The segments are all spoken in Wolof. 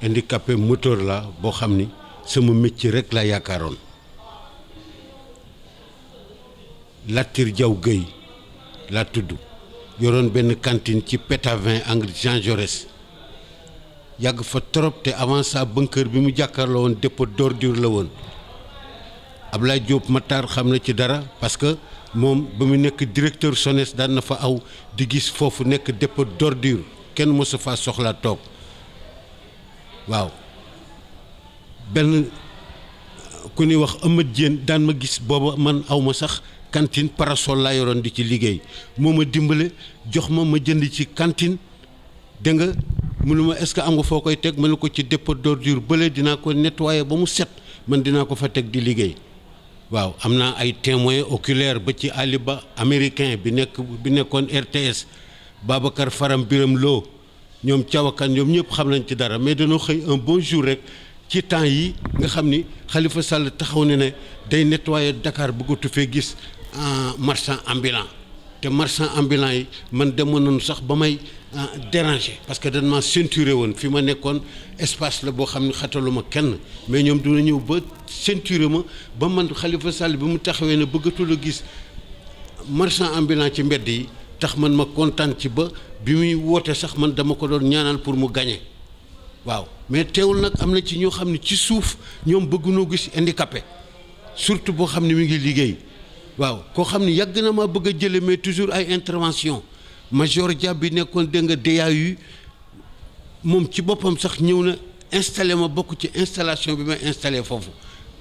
indi handicapé moteur la boo xam ni sama métier rek la yaakaaroon Latir Diaw Guèye laa tudd yoroon benn cantine ci Pétavin angle Jean Jaurès yàgg fa trop te avant ça bunker bi mu jàkkaarloo woon dépôt d'ordure la woon ab Ablaye Diop Matar xam na ci dara parce que moom ba mu nekk directeur SONES daan na fa aw di gis foofu nekk dépôt d'ordure kenn mësu faa soxlaa toog waaw benn ku ñuy wax ëmma jéen daan ma gis booba man aw ma sax cantine parasol laa yoroon di ci liggéey moo ma dimbale jox ma ma jënd ci cantine dégg nga mënuma est-ce que am nga foo koy teg mën ko ci dépôt d'ordure bële dinaa ko nettoyer ba mu set man dinaa ko fa teg di liggéey waaw am naa ay témoins oculaires ba ci aliba américain bi nekk bi nekkoon RTS Babacar Faram Biram Lo ñoom cawakan ñoom ñëpp xam nañ ci dara mais dañoo xëy un bon jour rek ci temps yi nga xam ni xalifa Sall taxaw ne ne day nettoyer dakaar bëggatu fee gis marchand ambulant te marchand ambulant yi man dem demoon nañu sax ba may euh, déranger parce que dañ ma ceinturé woon fi ma nekkoon espace la boo xam ne xataluma kenn mais ñoom dina ñëw ba ceinturé ma ba man xalifa Sall bi mu taxawee ne bëggatul a gis marchand ambulant ci mbedd yi tax man ma kontaan ci ba bi muy woote sax man dama ko doon ñaanal pour mu gagné waaw mais teewul nag am na ci ñoo xam ne ci suuf ñoom bëggunoo gis indi handicapé surtout boo xam ne mu ngi liggéey waaw koo xam ne yàgg na ma bëgg a jële mais toujours ay intervention major Dia bi nekkoon dégg nga DAU moom ci boppam sax ñëw na installé ma bokk ci installation bi ma installé foofu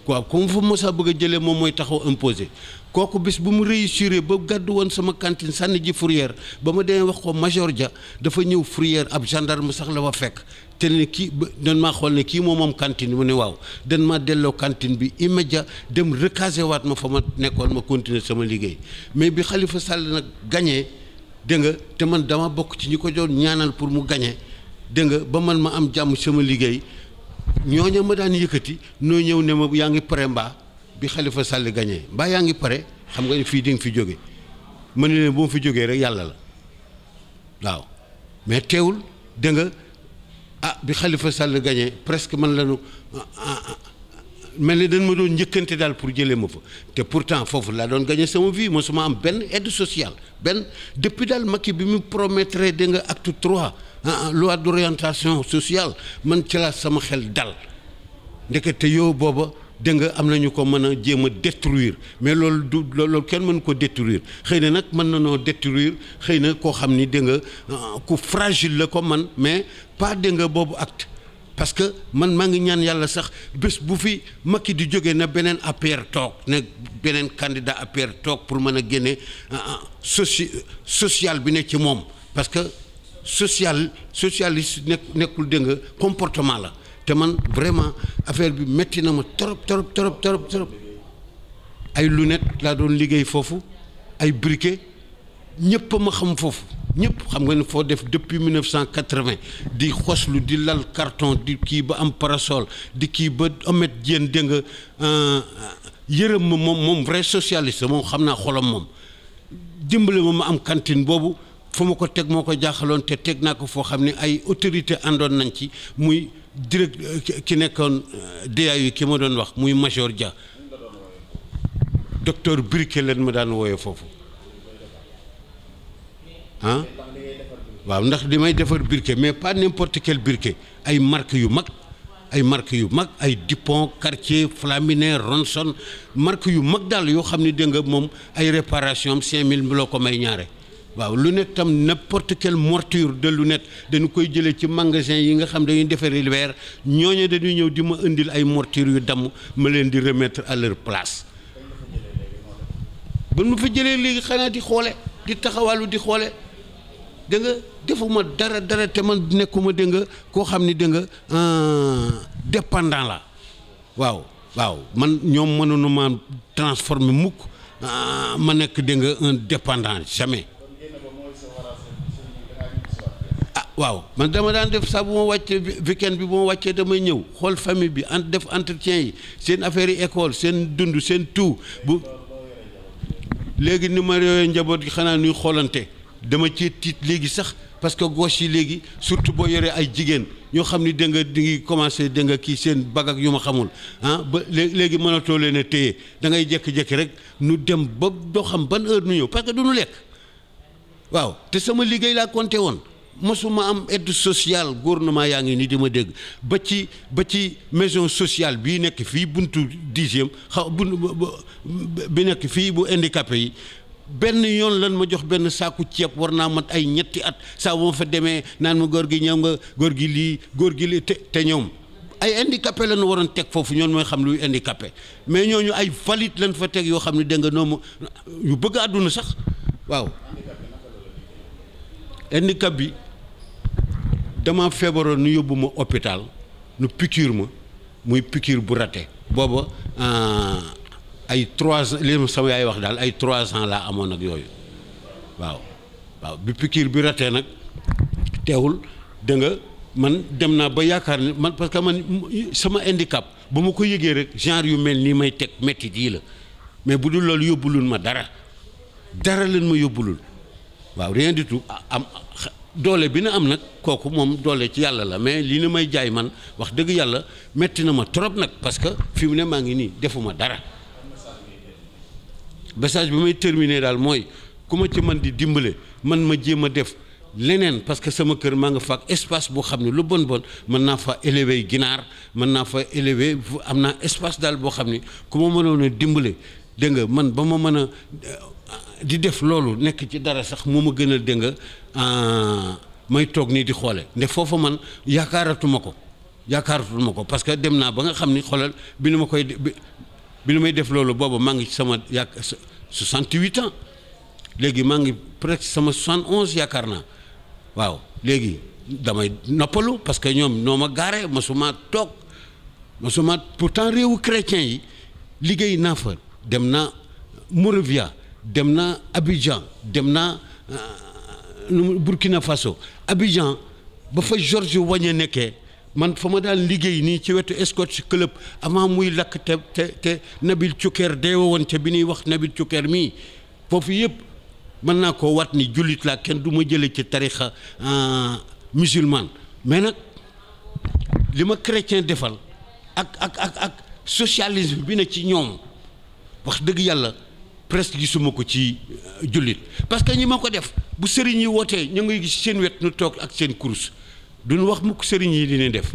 waaw comme fa Moussa bëgg a jëlee moom mooy taxaw imposé kooku bis bu mu réussir ba gàddu woon sama cantine sànni ji fourrière ba ma demee wax ko major ja dafa ñëw fourrière ab gendarme sax la fa fekk te ne kii ba dan maa xool ne kii moom moom cantine mu ne waaw dan ma delloo cantine bi immédiat dem recaser waat ma fa ma nekkoon ma continuer sama liggéey mais bi xalifa Sall nag gañee dégg nga te man dama bokk ci ñu ko doon ñaanal pour mu gañee dégg nga ba man ma am jàmm sama liggéey ñooñu ma daan yëkkati noo ñëw ne ma yaa ngi pare mbaa bi xalifa Sall gagné mbaa yaa ngi pare xam nga ne fii di nga fi jóge ma ne leen boo ma fi jógee rek yàlla la waaw mais teewul da nga ah bi Khalifa Sall gagné presque man la ñu mel ni dañ ma doon njëkkante daal pour jëlee ma fa te pourtant foofu laa doon gagné sama vie ma am benn aide social benn depuis daal Macky bi mu promettre da nga trois. Ah, ah, loi d'orientation sociale man ci la sama xel dal ndekete yow booba dégg nga am nañu ko mën a jéem a détruire mais loolu du loolu kenn mën ko détruire xëy na nag mën na noo détruire xëy na koo xam ni dégg nga ah, ku fragile la ko man mais pas dégg nga boobu acte parce que man maa ngi ñaan yàlla sax bés bu fi Macky di jóge na beneen APR toog na beneen candidat APR toog pour mën a génne soci social bi ne ci moom parce social socialiste nekk nekkul dégg nga comportement la te man vraiment affaire bi métti na ma trop trop trop trop trop ay lunettes laa doon liggéey foofu ay briquet ñëpp ma xam foofu ñëpp xam nga ne foo def depuis 1980 di xoslu di lal carton di kii ba am parasol di kii ba amet jéen dégg nga euh, yërëm ma moom moom vrai socialiste moom xam naa xolam moom dimbale ma ma am cantine boobu. fu ma ko teg moo ko jàqaloon te teg naa ko foo xam ne ay autorité àndoon nañ ci muy direct euh, ki nekkoon euh, DAU ki ma doon wax muy major Dia docteur Briquet leen ma daan wooyee foofu ah waaw ndax li may defar briquet mais pas n'importe quel briquet ay marque yu mag ay marque yu mag ay Dupont Cartier Flaminet Ronson marque yu mag daal yoo xam ne dégg nga moom ay réparation am 5000 loo ko may ñaare. waaw lu ne tam n'importe quelle monture lu lunette dañu koy jëlee ci magasin yi nga xam dañuy defaree weer ñooñu dañuy ñëw di ma indil ay montures yu damm ma leen di remettre à leur place ba mu fa jëlee léegi xanaa di xoole di taxawalu di xoole danga nga defuma dara dara te man nekkuma da nga koo xam ni da nga ah, dépendant la waaw waaw man ñoom mënuñu ma transformer mukk ah, ma nekk da nga un dépendant jamais waaw man dama daan def saa bu ma wàccee weekend bi bu ma wàccee damay ñëw xool famille bi ent def entretien yi seen affaire yi école seen dund seen tout bu léegi ni ma réewee njaboot gi xanaa nuy xoolante dama ci tiit léegi sax parce que gos yi léegi surtout boo yoree ay jigéen ñoo xam ni da nga di ngi commencé da kii seen bagak yu ma xamul ah ba léegi mënatoo leen a téye da ngay jékki rek nu dem ba doo xam ban heure nu ñëw parce que du nu lekk waaw te sama liggéey laa compté woon. mësuma am aide sociale gouvernement yaa ngi nii di ma dégg ba ci ba ci maison sociale bi nekk fii buntu dixième bi nekk fii bu handicapé yi benn yoon lan ma jox benn saaku ceeb war naa mat ay ñetti at saa bu ma fa demee naan ma góor gi ñëw nga góor gi lii góor gi lii te te ñoom ay indi handicapé lañu waroon teg foofu ñoon mooy xam luy handicapé mais ñooñu ay valide lañ fa teg yoo xam ne dégg nga noonu yu bëgg àdduna sax waaw handicap bi dama feebaroon nu yóbbu ma hôpital nu piqûre ma muy piqûre bu raté booba euh, ay trois ans li yaay wax daal ay trois ans laa amoon nag yooyu waaw waaw bi piqûre bi raté nag teewul da man dem naa ba yaakaar ni man parce que man sama handicap ba ma ko yëgee rek genre yu mel nii may teg métti dii la mais bu dul loolu yóbbulul ma dara dara leen ma yóbbulul waaw rien du tout doole bi na am nag kooku moom doole ci yàlla la mais li na may jaay man wax dëgg yàlla metti na ma trop nag parce que fi mu ne maa ngi nii defuma dara message bi may terminer daal mooy ku ma ci man di dimbale man ma jéem a def leneen parce que sama kër maa ngi faa ak espace boo xam ne lu bon bon mën naa fa élever ginaar mën naa fa élever am naa espace daal boo xam ni ku ma mënoon dimbale dégg nga man ba ma mën a euh, di def loolu nekk ci dara sax mu ma gën a dégg Ah, may toog nii di xoole nde foofa man yaakaaratuma ko yaakaaratuma ko parce que dem naa ba nga xam ni xoolal bi nu ma koy bi nu may def loolu booba maa ngi ci sama yaak 68 ans léegi maa ngi presque sama onze yaakaar naa waaw léegi damay noppalu parce que ñoom noo ma gaare masuma toog ma pour temps réewu chrétien yi liggéey naa fa dem naa Moravia dem naa Abidjan dem naa ah, Burkina Faso Abidjan ba fa George Wagne nekkee man fa ma daan liggéey nii ci wetu Escort Club avant muy lakk te te te Nabil Thioker deewe woon te bi ñuy wax Nabil Thioker mii foofu yëpp mën naa ko wat ni jullit laa kenn du ma jële ci tarixa euh, musulman mais nag li ma chrétien defal ak ak ak ak socialisme bi ne ci ñoom wax dëgg yàlla presque gisuma ko ci euh, jullit parce que ñi ma ko def bu sëriñ yi wootee ñu ngay gis seen wet nu toog ak seen kurus duñ wax mukk sëriñ yi dina def